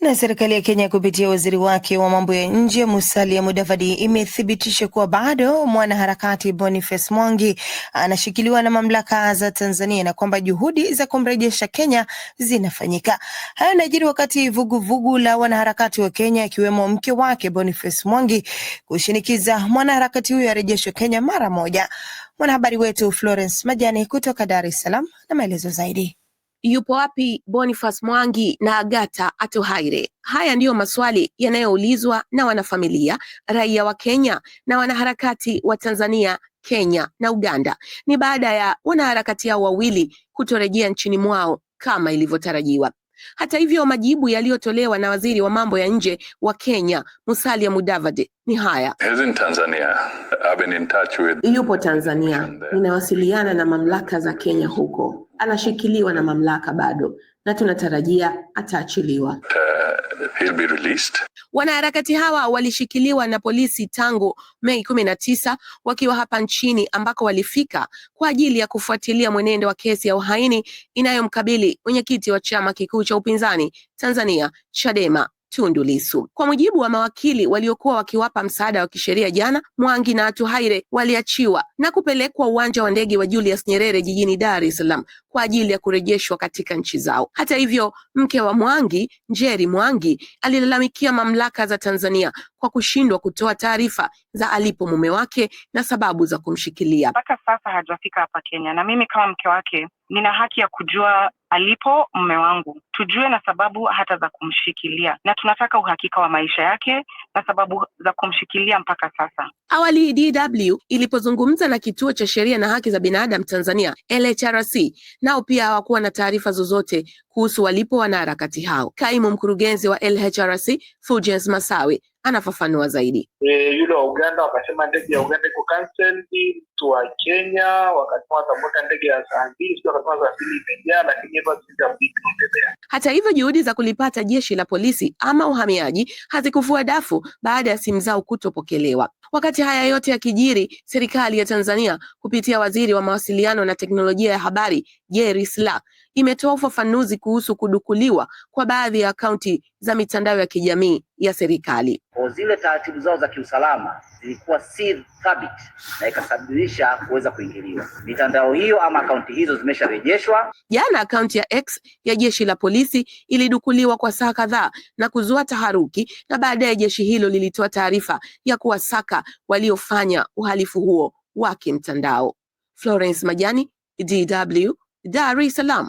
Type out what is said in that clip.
Na serikali ya Kenya kupitia waziri wake wa mambo ya nje Musalia Mudavadi imethibitisha kuwa bado mwanaharakati Boniface Mwangi anashikiliwa na mamlaka za Tanzania na kwamba juhudi za kumrejesha Kenya zinafanyika. Hayo yanajiri wakati vuguvugu vugu la wanaharakati wa Kenya akiwemo mke wake Boniface Mwangi kushinikiza mwanaharakati huyo arejeshwe Kenya mara moja. Mwanahabari wetu Florence Majani kutoka Dar es Salaam na maelezo zaidi. Yupo wapi Boniface Mwangi na agata Atuhaire? Haya ndiyo maswali yanayoulizwa na wanafamilia, raia wa Kenya na wanaharakati wa Tanzania, Kenya na Uganda. Ni baada ya wanaharakati hao wawili kutorejea nchini mwao kama ilivyotarajiwa. Hata hivyo, majibu yaliyotolewa na waziri wa mambo ya nje wa Kenya Musalia Mudavadi ni haya. Tanzania. yupo Tanzania, ninawasiliana na mamlaka za Kenya huko, anashikiliwa na mamlaka bado na tunatarajia ataachiliwa. Uh, he'll be released. Wanaharakati hawa walishikiliwa na polisi tangu Mei kumi na tisa wakiwa hapa nchini ambako walifika kwa ajili ya kufuatilia mwenendo wa kesi ya uhaini inayomkabili mwenyekiti wa chama kikuu cha upinzani Tanzania Chadema Tundu Lissu. Kwa mujibu wa mawakili waliokuwa wakiwapa msaada wa kisheria jana, Mwangi na Atuhaire waliachiwa na kupelekwa uwanja wa ndege wa Julius Nyerere jijini Dar es Salaam kwa ajili ya kurejeshwa katika nchi zao. Hata hivyo, mke wa Mwangi, Njeri Mwangi, alilalamikia mamlaka za Tanzania kwa kushindwa kutoa taarifa za alipo mume wake na sababu za kumshikilia. Mpaka sasa hajafika hapa Kenya, na mimi kama mke wake nina haki ya kujua alipo mume wangu, tujue na sababu hata za kumshikilia, na tunataka uhakika wa maisha yake na sababu za kumshikilia mpaka sasa. Awali DW ilipozungumza na kituo cha sheria na haki za binadamu Tanzania LHRC, nao pia hawakuwa na taarifa zozote kuhusu walipo wanaharakati hao. Kaimu mkurugenzi wa LHRC Fulgence Masawe anafafanua zaidi. E, yule wa Uganda wakasema ndege ya Uganda iko cancelled. Mtu wa Kenya wakasema watamweka ndege ya saa mbili, sio wakasema saa mbili imejaa, lakini hivyo tembea. Hata hivyo juhudi za kulipata jeshi la polisi ama uhamiaji hazikufua dafu baada ya simu zao kutopokelewa. Wakati haya yote yakijiri, serikali ya Tanzania kupitia waziri wa mawasiliano na teknolojia ya habari Jerry Silaa imetoa ufafanuzi kuhusu kudukuliwa kwa baadhi ya akaunti za mitandao ya kijamii ya serikali. Zile taratibu zao za kiusalama zilikuwa si thabiti na ikasababisha kuweza kuingiliwa mitandao hiyo ama akaunti hizo zimesharejeshwa. Jana akaunti ya X ya jeshi la polisi ilidukuliwa kwa saa kadhaa na kuzua taharuki, na baadaye jeshi hilo lilitoa taarifa ya kuwasaka waliofanya uhalifu huo wa kimtandao. Florence Majani, DW, Dar es Salaam.